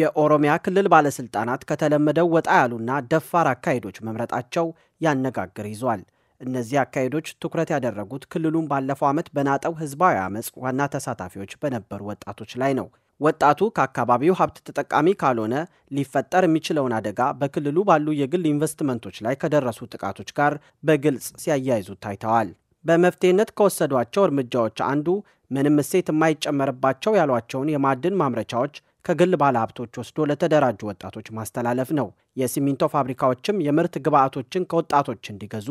የኦሮሚያ ክልል ባለሥልጣናት ከተለመደው ወጣ ያሉና ደፋር አካሄዶች መምረጣቸው ያነጋግር ይዟል። እነዚህ አካሄዶች ትኩረት ያደረጉት ክልሉን ባለፈው ዓመት በናጠው ህዝባዊ ዓመፅ ዋና ተሳታፊዎች በነበሩ ወጣቶች ላይ ነው። ወጣቱ ከአካባቢው ሀብት ተጠቃሚ ካልሆነ ሊፈጠር የሚችለውን አደጋ በክልሉ ባሉ የግል ኢንቨስትመንቶች ላይ ከደረሱ ጥቃቶች ጋር በግልጽ ሲያያይዙ ታይተዋል። በመፍትሄነት ከወሰዷቸው እርምጃዎች አንዱ ምንም እሴት የማይጨመርባቸው ያሏቸውን የማዕድን ማምረቻዎች ከግል ባለሀብቶች ወስዶ ለተደራጁ ወጣቶች ማስተላለፍ ነው። የሲሚንቶ ፋብሪካዎችም የምርት ግብዓቶችን ከወጣቶች እንዲገዙ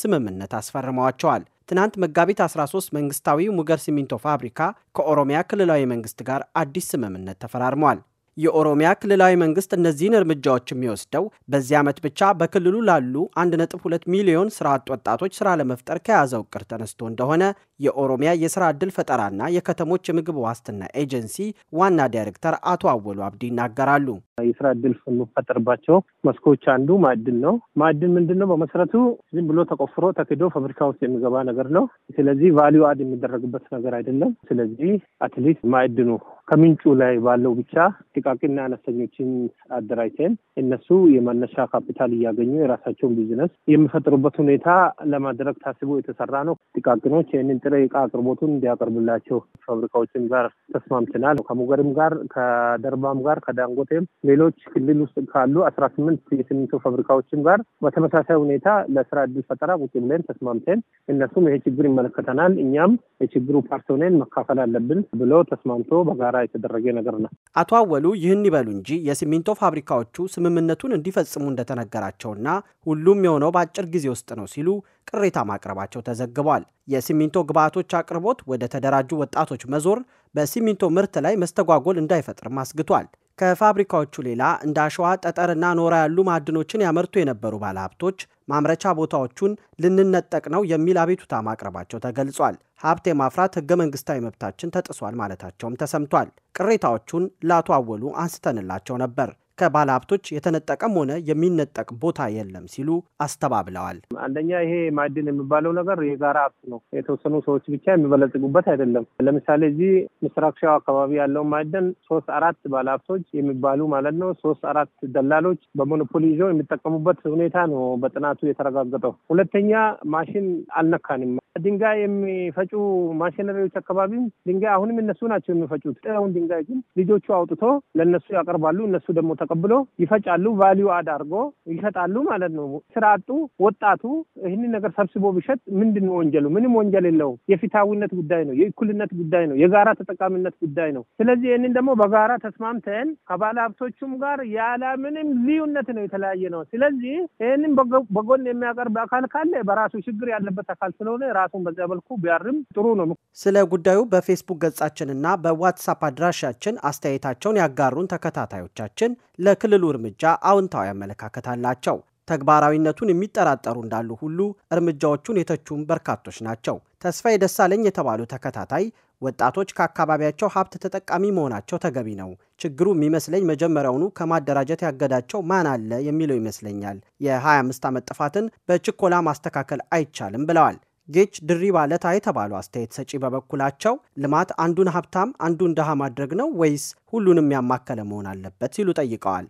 ስምምነት አስፈርመዋቸዋል። ትናንት መጋቢት 13 መንግስታዊ ሙገር ሲሚንቶ ፋብሪካ ከኦሮሚያ ክልላዊ መንግስት ጋር አዲስ ስምምነት ተፈራርሟል። የኦሮሚያ ክልላዊ መንግስት እነዚህን እርምጃዎች የሚወስደው በዚህ ዓመት ብቻ በክልሉ ላሉ 1.2 ሚሊዮን ስራ አጥ ወጣቶች ስራ ለመፍጠር ከያዘው እቅድ ተነስቶ እንደሆነ የኦሮሚያ የስራ ዕድል ፈጠራና የከተሞች የምግብ ዋስትና ኤጀንሲ ዋና ዳይሬክተር አቶ አወሉ አብዲ ይናገራሉ። የስራ ዕድል የምፈጠርባቸው መስኮች አንዱ ማዕድን ነው። ማዕድን ምንድን ነው? በመሰረቱ ዝም ብሎ ተቆፍሮ ተክዶ ፋብሪካ ውስጥ የሚገባ ነገር ነው። ስለዚህ ቫሊዩ አድ የሚደረግበት ነገር አይደለም። ስለዚህ አትሊስት ማዕድኑ ከምንጩ ላይ ባለው ብቻ ጥቃቅና አነስተኞችን አደራጅተን እነሱ የመነሻ ካፒታል እያገኙ የራሳቸውን ቢዝነስ የሚፈጥሩበት ሁኔታ ለማድረግ ታስቦ የተሰራ ነው። ጥቃቅኖች ይህንን ጥሬ እቃ አቅርቦቱን እንዲያቀርቡላቸው ፋብሪካዎችን ጋር ተስማምተናል። ከሙገርም ጋር፣ ከደርባም ጋር፣ ከዳንጎቴም ሌሎች ክልል ውስጥ ካሉ አስራ ስምንት የሲሚንቶ ፋብሪካዎችም ጋር በተመሳሳይ ሁኔታ ለስራ እድል ፈጠራ ቁጭ ብለን ተስማምተን እነሱም ይሄ ችግር ይመለከተናል፣ እኛም የችግሩ ፓርቶኔን መካፈል አለብን ብሎ ተስማምቶ በጋራ ሙከራ የተደረገ ነገር ነው። አቶ አወሉ ይህን ይበሉ እንጂ የሲሚንቶ ፋብሪካዎቹ ስምምነቱን እንዲፈጽሙ እንደተነገራቸውና ሁሉም የሆነው በአጭር ጊዜ ውስጥ ነው ሲሉ ቅሬታ ማቅረባቸው ተዘግቧል። የሲሚንቶ ግብዓቶች አቅርቦት ወደ ተደራጁ ወጣቶች መዞር በሲሚንቶ ምርት ላይ መስተጓጎል እንዳይፈጥርም አስግቷል። ከፋብሪካዎቹ ሌላ እንደ አሸዋ ጠጠርና ኖራ ያሉ ማዕድኖችን ያመርቱ የነበሩ ባለሀብቶች ማምረቻ ቦታዎቹን ልንነጠቅ ነው የሚል አቤቱታ ማቅረባቸው ተገልጿል። ሀብት የማፍራት ህገ መንግስታዊ መብታችን ተጥሷል ማለታቸውም ተሰምቷል። ቅሬታዎቹን ላቱ አወሉ አንስተንላቸው ነበር። ከባለሀብቶች የተነጠቀም ሆነ የሚነጠቅ ቦታ የለም ሲሉ አስተባብለዋል። አንደኛ ይሄ ማዕድን የሚባለው ነገር የጋራ ሀብት ነው። የተወሰኑ ሰዎች ብቻ የሚበለጽጉበት አይደለም። ለምሳሌ እዚህ ምስራቅ ሸዋ አካባቢ ያለው ማዕድን ሶስት አራት ባለሀብቶች የሚባሉ ማለት ነው ሶስት አራት ደላሎች በሞኖፖሊ ይዘው የሚጠቀሙበት ሁኔታ ነው በጥናቱ የተረጋገጠው። ሁለተኛ ማሽን አልነካንም። ድንጋይ የሚፈጩ ማሽነሪዎች አካባቢም ድንጋይ አሁንም እነሱ ናቸው የሚፈጩት። አሁን ድንጋይ ግን ልጆቹ አውጥቶ ለእነሱ ያቀርባሉ። እነሱ ደግሞ ተቀብሎ ይፈጫሉ፣ ቫሊዩ አድ አድርጎ ይሸጣሉ ማለት ነው። ስራ አጡ ወጣቱ ይህንን ነገር ሰብስቦ ቢሸጥ ምንድን ነው ወንጀሉ? ምንም ወንጀል የለውም። የፊታዊነት ጉዳይ ነው። የእኩልነት ጉዳይ ነው። የጋራ ተጠቃሚነት ጉዳይ ነው። ስለዚህ ይህንን ደግሞ በጋራ ተስማምተን ከባለ ሀብቶቹም ጋር ያለ ምንም ልዩነት ነው የተለያየ ነው። ስለዚህ ይህንን በጎን የሚያቀርብ አካል ካለ በራሱ ችግር ያለበት አካል ስለሆነ ራሱን በዚያ መልኩ ቢያርም ጥሩ ነው። ስለ ጉዳዩ በፌስቡክ ገጻችንና በዋትሳፕ አድራሻችን አስተያየታቸውን ያጋሩን ተከታታዮቻችን ለክልሉ እርምጃ አዎንታዊ አመለካከት አላቸው። ተግባራዊነቱን የሚጠራጠሩ እንዳሉ ሁሉ እርምጃዎቹን የተቹም በርካቶች ናቸው። ተስፋዬ ደሳለኝ የተባሉ ተከታታይ ወጣቶች ከአካባቢያቸው ሀብት ተጠቃሚ መሆናቸው ተገቢ ነው፣ ችግሩ የሚመስለኝ መጀመሪያውኑ ከማደራጀት ያገዳቸው ማን አለ የሚለው ይመስለኛል። የ25 ዓመት ጥፋትን በችኮላ ማስተካከል አይቻልም ብለዋል። ጌች ድሪ ባለታ የተባሉ አስተያየት ሰጪ በበኩላቸው ልማት አንዱን ሀብታም አንዱን ድሃ ማድረግ ነው ወይስ ሁሉንም ያማከለ መሆን አለበት ሲሉ ጠይቀዋል።